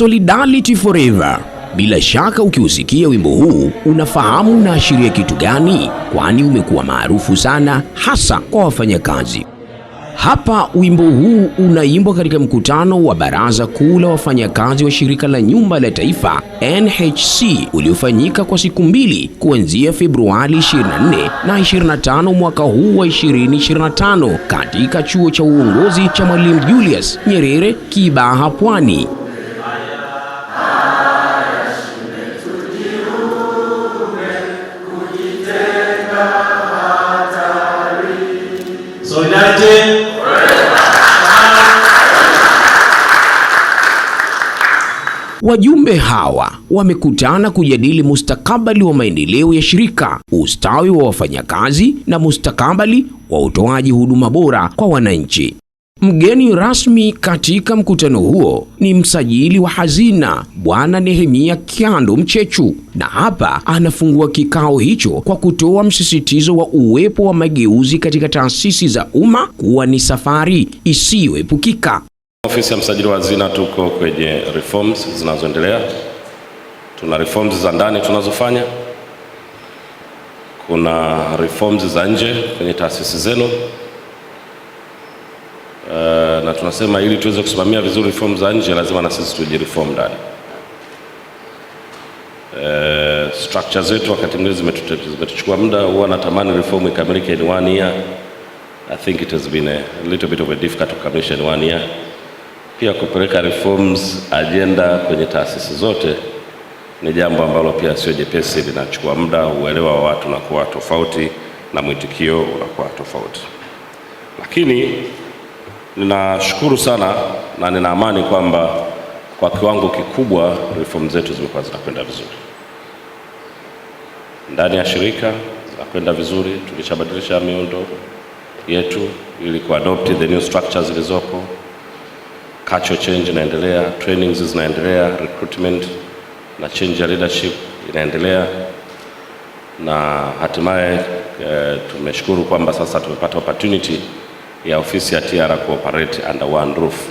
Solidarity Forever. Bila shaka ukiusikia wimbo huu unafahamu unaashiria kitu gani, kwani umekuwa maarufu sana hasa kwa wafanyakazi. Hapa wimbo huu unaimbwa katika mkutano wa Baraza Kuu la Wafanyakazi wa Shirika la Nyumba la Taifa NHC uliofanyika kwa siku mbili kuanzia Februari 24 na 25 mwaka huu wa 2025 katika Chuo cha Uongozi cha Mwalimu Julius Nyerere Kibaha, Pwani. Solidarity. Wajumbe hawa wamekutana kujadili mustakabali wa maendeleo ya shirika, ustawi wa wafanyakazi na mustakabali wa utoaji huduma bora kwa wananchi. Mgeni rasmi katika mkutano huo ni msajili wa hazina Bwana Nehemia Kyando Mchechu, na hapa anafungua kikao hicho kwa kutoa msisitizo wa uwepo wa mageuzi katika taasisi za umma kuwa ni safari isiyoepukika. Ofisi ya msajili wa hazina, tuko kwenye reforms zinazoendelea. Tuna reforms za ndani tunazofanya, kuna reforms za nje kwenye taasisi zenu Eh, na tunasema ili tuweze kusimamia vizuri reform za nje lazima na sisi reform ndani. Uh, structure zetu wakati mwingine zimetuchukua muda, huwa natamani reform ikamilike in one year. I think it has been a little bit of a difficult kukamilisha in one year. Pia kupeleka reforms agenda kwenye taasisi zote ni jambo ambalo pia sio jepesi, linachukua muda, uelewa wa watu unakuwa tofauti na mwitikio unakuwa tofauti, lakini Ninashukuru sana na nina amani kwamba kwa kiwango kikubwa reform zetu zimekuwa zinakwenda vizuri ndani ya shirika, zinakwenda vizuri. Tulishabadilisha miundo yetu ili kuadopt the new structures zilizopo, Culture change inaendelea, trainings zinaendelea, recruitment na change ya leadership inaendelea na hatimaye eh, tumeshukuru kwamba sasa tumepata opportunity ya ofisi ya TRA cooperate under one roof,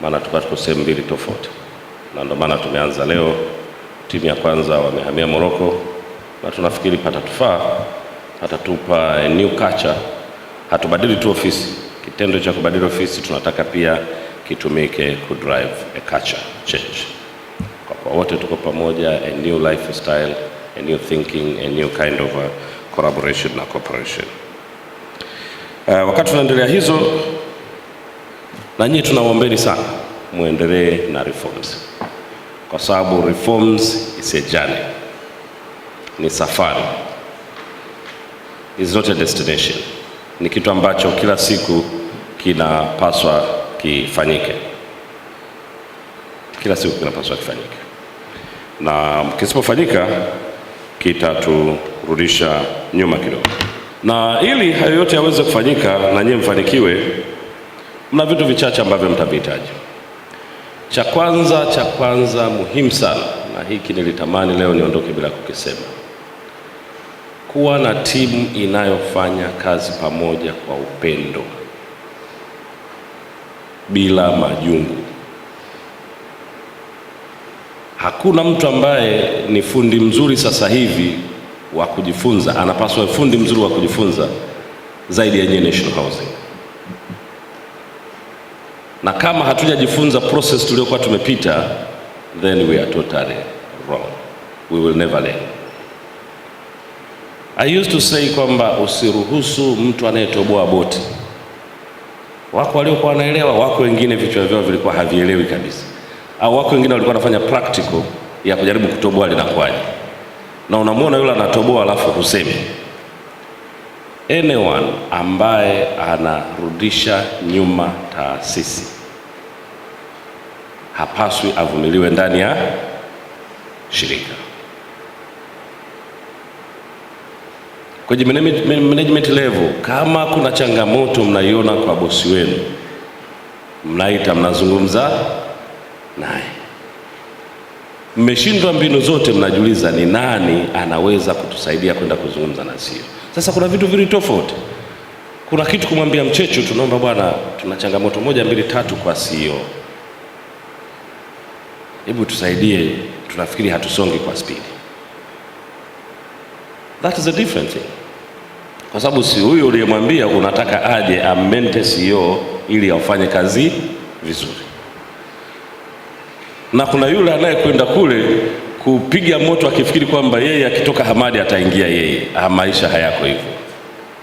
maana tukatuko tuko sehemu mbili tofauti, na ndio maana tumeanza leo. Timu ya kwanza wamehamia Morocco, na tunafikiri patatufaa, patatupa a new culture. Hatubadili tu ofisi, kitendo cha kubadili ofisi tunataka pia kitumike ku drive a culture change, kwa kwa wote tuko pamoja, a new lifestyle, a new thinking, a new kind of a collaboration na cooperation. Uh, wakati tunaendelea hizo, na nyinyi tunawaombeni sana muendelee na reforms, kwa sababu reforms is a journey, ni safari, is not a destination. Ni kitu ambacho kila siku kinapaswa kifanyike, kila siku kinapaswa kifanyike, na kisipofanyika kitaturudisha nyuma kidogo. Na ili hayo yote yaweze kufanyika na nyinyi mfanikiwe, mna vitu vichache ambavyo mtavihitaji. Cha kwanza cha kwanza muhimu sana, na hiki nilitamani leo niondoke bila kukisema, kuwa na timu inayofanya kazi pamoja kwa upendo, bila majungu. Hakuna mtu ambaye ni fundi mzuri sasa hivi wa kujifunza, anapaswa fundi mzuri wa kujifunza zaidi ya yenyewe National Housing. Na kama hatujajifunza process tuliokuwa tumepita, then we are totally wrong, we will never learn. I used to say kwamba usiruhusu mtu anayetoboa boti. Wako waliokuwa wanaelewa, wako wengine vichwa vyao vilikuwa havielewi kabisa, au wako wengine walikuwa wanafanya practical ya kujaribu kutoboa linakuwaje na unamwona yule anatoboa, alafu husemi. Anyone ambaye anarudisha nyuma taasisi hapaswi avumiliwe ndani ya shirika. Kwenye management level, kama kuna changamoto mnaiona kwa bosi wenu, mnaita, mnazungumza naye. Mmeshindwa mbinu zote, mnajiuliza ni nani anaweza kutusaidia kwenda kuzungumza na sio. Sasa kuna vitu vili tofauti. Kuna kitu kumwambia Mchechu, tunaomba bwana, tuna changamoto moja mbili tatu kwa sio, e hebu tusaidie, tunafikiri hatusongi kwa spidi. That is a different thing, kwa sababu si huyu uliyemwambia unataka aje ammente sio e ili afanye kazi vizuri na kuna yule anayekwenda kule kupiga moto akifikiri kwamba yeye akitoka Hamadi ataingia yeye. Ah, maisha hayako hivyo.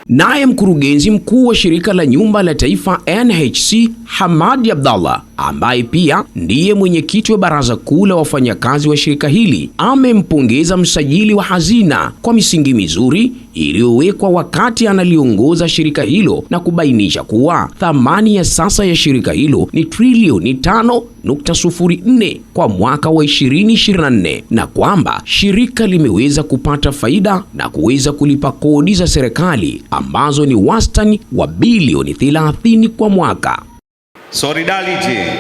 Naye mkurugenzi mkuu wa shirika la nyumba la taifa NHC Hamadi Abdallah, ambaye pia ndiye mwenyekiti wa baraza kuu la wafanyakazi wa shirika hili, amempongeza msajili wa hazina kwa misingi mizuri iliyowekwa wakati analiongoza shirika hilo na kubainisha kuwa thamani ya sasa ya shirika hilo ni trilioni tano 4.04 kwa mwaka wa 2024 na kwamba shirika limeweza kupata faida na kuweza kulipa kodi za serikali ambazo ni wastani wa bilioni 30 kwa mwaka. Solidarity.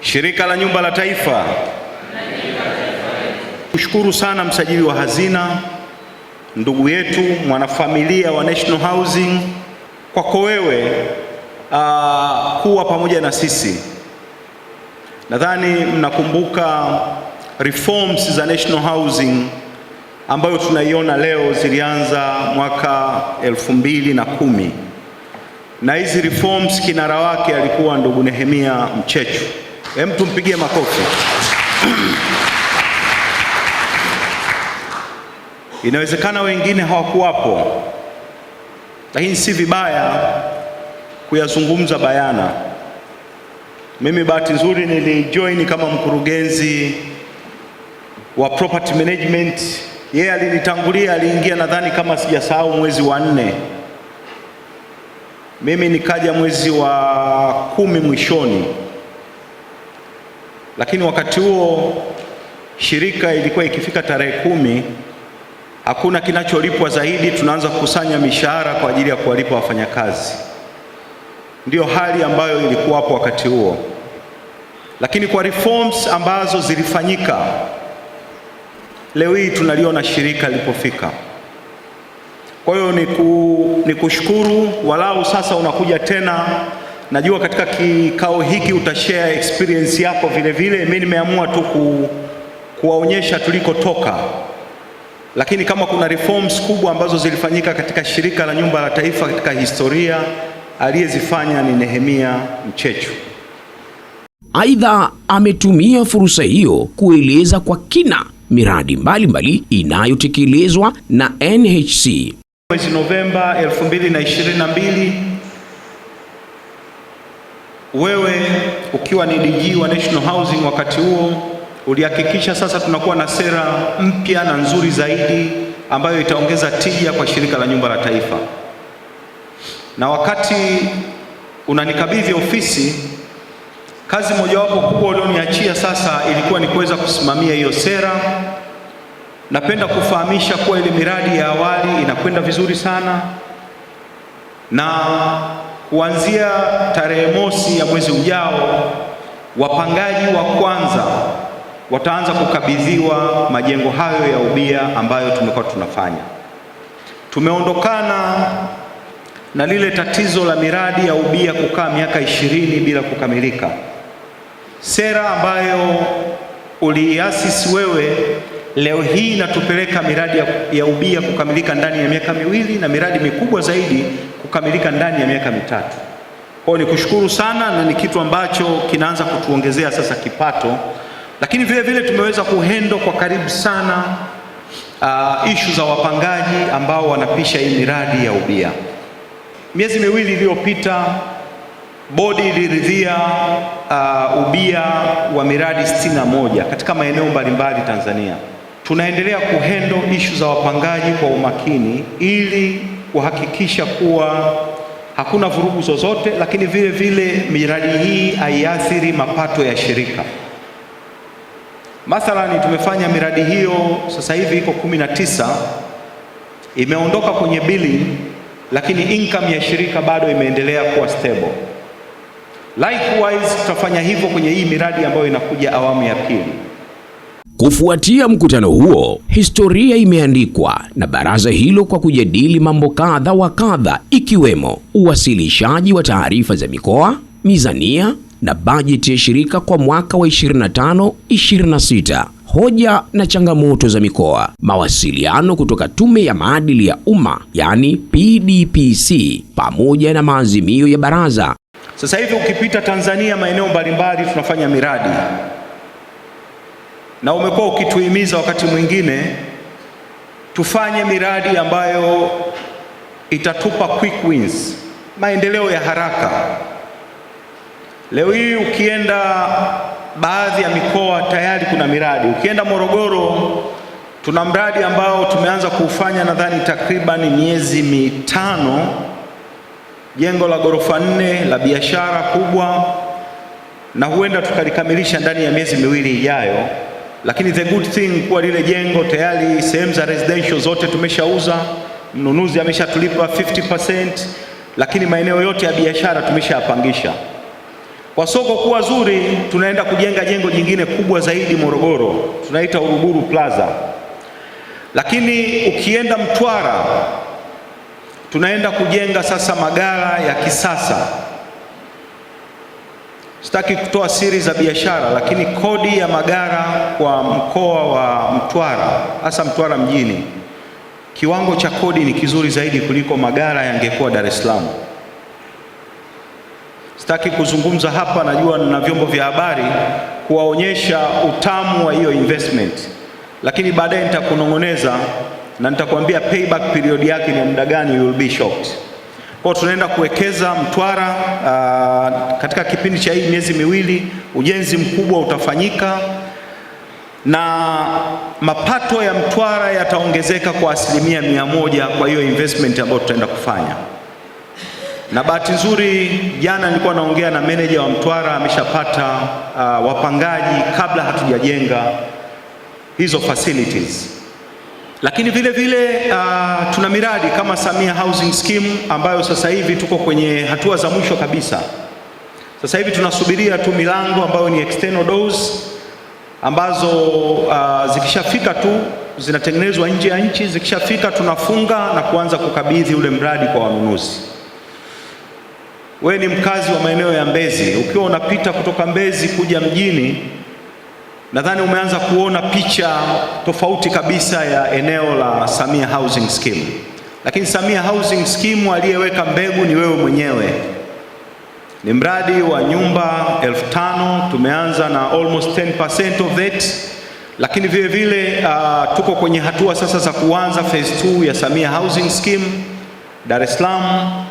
Shirika la Nyumba la Taifa, kushukuru sana msajili wa hazina ndugu yetu mwanafamilia wa National Housing, kwako wewe uh, kuwa pamoja na sisi. Nadhani mnakumbuka reforms za National Housing ambayo tunaiona leo zilianza mwaka elfu mbili na kumi na hizi reforms kinara wake alikuwa ndugu Nehemia Mchechu. Hem, tumpigie makofi. Inawezekana wengine hawakuwapo, lakini si vibaya kuyazungumza bayana. Mimi bahati nzuri nilijoin kama mkurugenzi wa property management, yeye alinitangulia, aliingia nadhani kama sijasahau mwezi wa nne, mimi nikaja mwezi wa kumi mwishoni, lakini wakati huo shirika ilikuwa ikifika tarehe kumi hakuna kinacholipwa zaidi, tunaanza kukusanya mishahara kwa ajili ya kuwalipa wafanyakazi. Ndiyo hali ambayo ilikuwapo wakati huo, lakini kwa reforms ambazo zilifanyika, leo hii tunaliona shirika lilipofika. Kwa hiyo ni kushukuru, walau sasa unakuja tena. Najua katika kikao hiki utashare experience yako vile vile. Mimi nimeamua tu ku, kuwaonyesha tulikotoka, lakini kama kuna reforms kubwa ambazo zilifanyika katika shirika la nyumba la taifa katika historia aliyezifanya ni Nehemia Mchechu. Aidha, ametumia fursa hiyo kueleza kwa kina miradi mbalimbali inayotekelezwa na NHC. Mwezi Novemba 2022 wewe ukiwa ni DG wa National Housing wakati huo ulihakikisha sasa tunakuwa na sera mpya na nzuri zaidi ambayo itaongeza tija kwa shirika la nyumba la taifa na wakati unanikabidhi ofisi, kazi mojawapo kubwa ulioniachia sasa ilikuwa ni kuweza kusimamia hiyo sera. Napenda kufahamisha kuwa ile miradi ya awali inakwenda vizuri sana, na kuanzia tarehe mosi ya mwezi ujao wapangaji wa kwanza wataanza kukabidhiwa majengo hayo ya ubia ambayo tumekuwa tunafanya. Tumeondokana na lile tatizo la miradi ya ubia kukaa miaka ishirini bila kukamilika. Sera ambayo uliasisi wewe leo hii inatupeleka miradi ya, ya ubia kukamilika ndani ya miaka miwili na miradi mikubwa zaidi kukamilika ndani ya miaka mitatu. kwao ni nikushukuru sana, na ni kitu ambacho kinaanza kutuongezea sasa kipato, lakini vile vile tumeweza kuhendo kwa karibu sana uh, ishu za wapangaji ambao wanapisha hii miradi ya ubia. Miezi miwili iliyopita bodi iliridhia uh, ubia wa miradi 61 katika maeneo mbalimbali Tanzania. Tunaendelea kuhendo ishu za wapangaji kwa umakini ili kuhakikisha kuwa hakuna vurugu zozote, lakini vile vile miradi hii haiathiri mapato ya shirika. Mathalani, tumefanya miradi hiyo sasa hivi iko 19 imeondoka kwenye bili lakini income ya shirika bado imeendelea kuwa stable. Likewise, tutafanya hivyo kwenye hii miradi ambayo inakuja awamu ya pili. Kufuatia mkutano huo, historia imeandikwa na baraza hilo kwa kujadili mambo kadha wa kadha, ikiwemo uwasilishaji wa taarifa za mikoa, mizania na bajeti ya shirika kwa mwaka wa 25 26 hoja na changamoto za mikoa, mawasiliano kutoka Tume ya Maadili ya Umma yani PDPC, pamoja na maazimio ya baraza. Sasa hivi ukipita Tanzania maeneo mbalimbali tunafanya miradi, na umekuwa ukituhimiza wakati mwingine tufanye miradi ambayo itatupa quick wins, maendeleo ya haraka. Leo hii ukienda baadhi ya mikoa tayari kuna miradi. Ukienda Morogoro, tuna mradi ambao tumeanza kuufanya nadhani takriban miezi mitano, jengo la ghorofa nne la biashara kubwa, na huenda tukalikamilisha ndani ya miezi miwili ijayo. Lakini the good thing kuwa lile jengo tayari sehemu za residential zote tumeshauza, mnunuzi ameshatulipa 50%, lakini maeneo yote ya biashara tumeshayapangisha. Kwa soko kuwa zuri, tunaenda kujenga jengo jingine kubwa zaidi Morogoro, tunaita Uruguru Plaza. Lakini ukienda Mtwara, tunaenda kujenga sasa magala ya kisasa. Sitaki kutoa siri za biashara, lakini kodi ya magara kwa mkoa wa Mtwara, hasa Mtwara mjini, kiwango cha kodi ni kizuri zaidi kuliko magara yangekuwa Dar es Salaam. Sitaki kuzungumza hapa, najua na vyombo vya habari kuwaonyesha utamu wa hiyo investment, lakini baadaye nitakunong'oneza na nitakwambia payback period yake ni muda gani, you will be shocked. Kwa tunaenda kuwekeza Mtwara uh, katika kipindi cha hii miezi miwili ujenzi mkubwa utafanyika na mapato ya Mtwara yataongezeka kwa asilimia mia moja kwa hiyo investment ambayo tutaenda kufanya. Na bahati nzuri jana nilikuwa naongea na meneja wa Mtwara, ameshapata uh, wapangaji kabla hatujajenga hizo facilities. Lakini vile vile uh, tuna miradi kama Samia Housing Scheme ambayo sasa hivi tuko kwenye hatua za mwisho kabisa. Sasa hivi tunasubiria tu milango ambayo ni external doors ambazo uh, zikishafika tu zinatengenezwa nje ya nchi, zikishafika tunafunga na kuanza kukabidhi ule mradi kwa wanunuzi we ni mkazi wa maeneo ya Mbezi, ukiwa unapita kutoka Mbezi kuja mjini, nadhani umeanza kuona picha tofauti kabisa ya eneo la Samia Housing Scheme. Lakini Samia Housing Scheme aliyeweka mbegu ni wewe mwenyewe. Ni mradi wa nyumba elfu tano tumeanza na almost 10% of that, lakini vile vile uh, tuko kwenye hatua sasa za kuanza phase 2 ya Samia Housing Scheme Dar es Salaam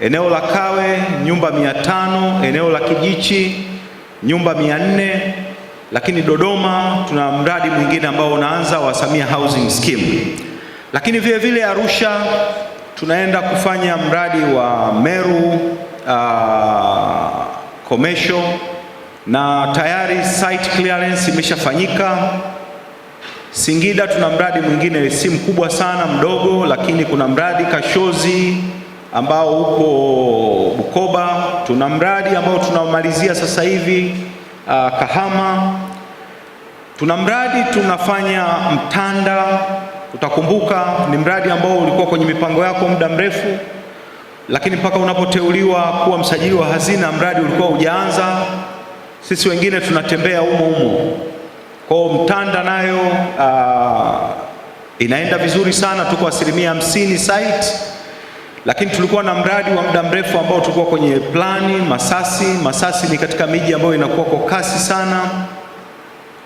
eneo la Kawe nyumba mia tano eneo la Kijichi nyumba mia nne lakini Dodoma tuna mradi mwingine ambao unaanza wa Samia Housing Scheme, lakini vile vile Arusha tunaenda kufanya mradi wa Meru uh, ah, commercial na tayari site clearance imeshafanyika. Singida tuna mradi mwingine si mkubwa sana, mdogo, lakini kuna mradi Kashozi ambao uko Bukoba. Tuna mradi ambao tunamalizia sasa hivi uh, Kahama. Tuna mradi tunafanya Mtanda, utakumbuka ni mradi ambao ulikuwa kwenye mipango yako muda mrefu, lakini mpaka unapoteuliwa kuwa msajili wa hazina mradi ulikuwa hujaanza. Sisi wengine tunatembea humo humo. Kwao Mtanda nayo uh, inaenda vizuri sana, tuko asilimia hamsini site lakini tulikuwa na mradi wa muda mrefu ambao tulikuwa kwenye plani Masasi. Masasi ni katika miji ambayo inakuwa kwa kasi sana.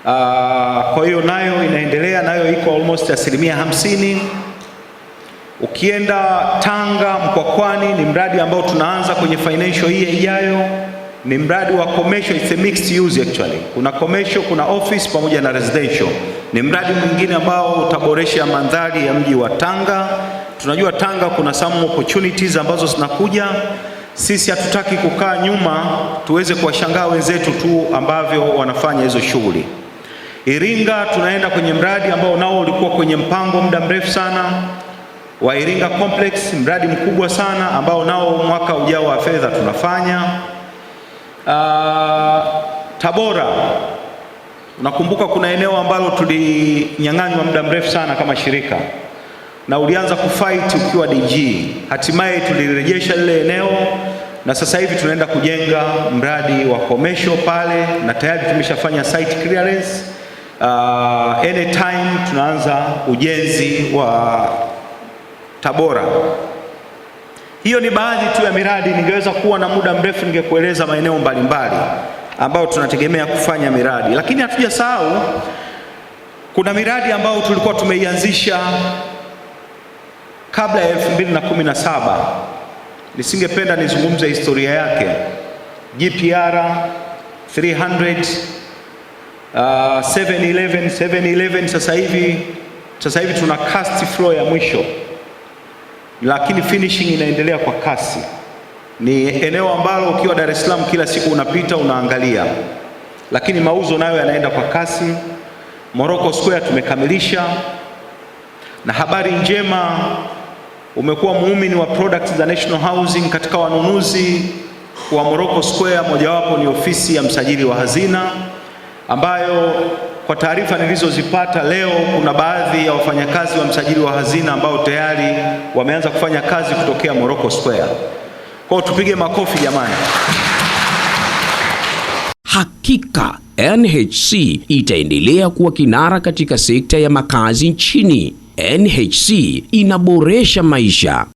Uh, kwa hiyo nayo inaendelea, nayo iko almost asilimia hamsini. Ukienda Tanga Mkwakwani ni mradi ambao tunaanza kwenye financial hii ijayo. Ni mradi wa commercial, it's a mixed use actually. Kuna commercial, kuna office pamoja na residential. Ni mradi mwingine ambao utaboresha mandhari ya mji wa Tanga. Tunajua Tanga kuna some opportunities ambazo zinakuja. Sisi hatutaki kukaa nyuma tuweze kuwashangaa wenzetu tu ambavyo wanafanya hizo shughuli. Iringa tunaenda kwenye mradi ambao nao ulikuwa kwenye mpango muda mrefu sana wa Iringa Complex, mradi mkubwa sana ambao nao mwaka ujao wa fedha tunafanya. Uh, Tabora nakumbuka kuna eneo ambalo tulinyang'anywa muda mrefu sana kama shirika na ulianza kufight ukiwa DG. Hatimaye tulirejesha lile eneo na sasa hivi tunaenda kujenga mradi wa commercial pale, na tayari tumeshafanya site clearance. Uh, anytime tunaanza ujenzi wa Tabora. Hiyo ni baadhi tu ya miradi. Ningeweza kuwa na muda mrefu, ningekueleza maeneo mbalimbali ambayo tunategemea kufanya miradi, lakini hatujasahau kuna miradi ambayo tulikuwa tumeianzisha kabla ya 2017 nisingependa nizungumze historia yake. GPR 300 uh, 711 711 sasa hivi sasa hivi tuna cast floor ya mwisho, lakini finishing inaendelea kwa kasi. Ni eneo ambalo ukiwa Dar es Salaam kila siku unapita unaangalia, lakini mauzo nayo yanaenda kwa kasi. Morocco Square tumekamilisha, na habari njema umekuwa muumini wa products za National Housing katika wanunuzi wa Morocco Square, mojawapo ni ofisi ya msajili wa hazina ambayo kwa taarifa nilizozipata leo kuna baadhi ya wafanyakazi wa msajili wa hazina ambao tayari wameanza kufanya kazi kutokea Morocco Square. Kwao tupige makofi jamani. Hakika NHC itaendelea kuwa kinara katika sekta ya makazi nchini. NHC inaboresha maisha.